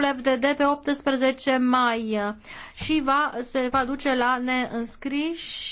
grupul FDD pe 18 mai și va, se va duce la neînscriși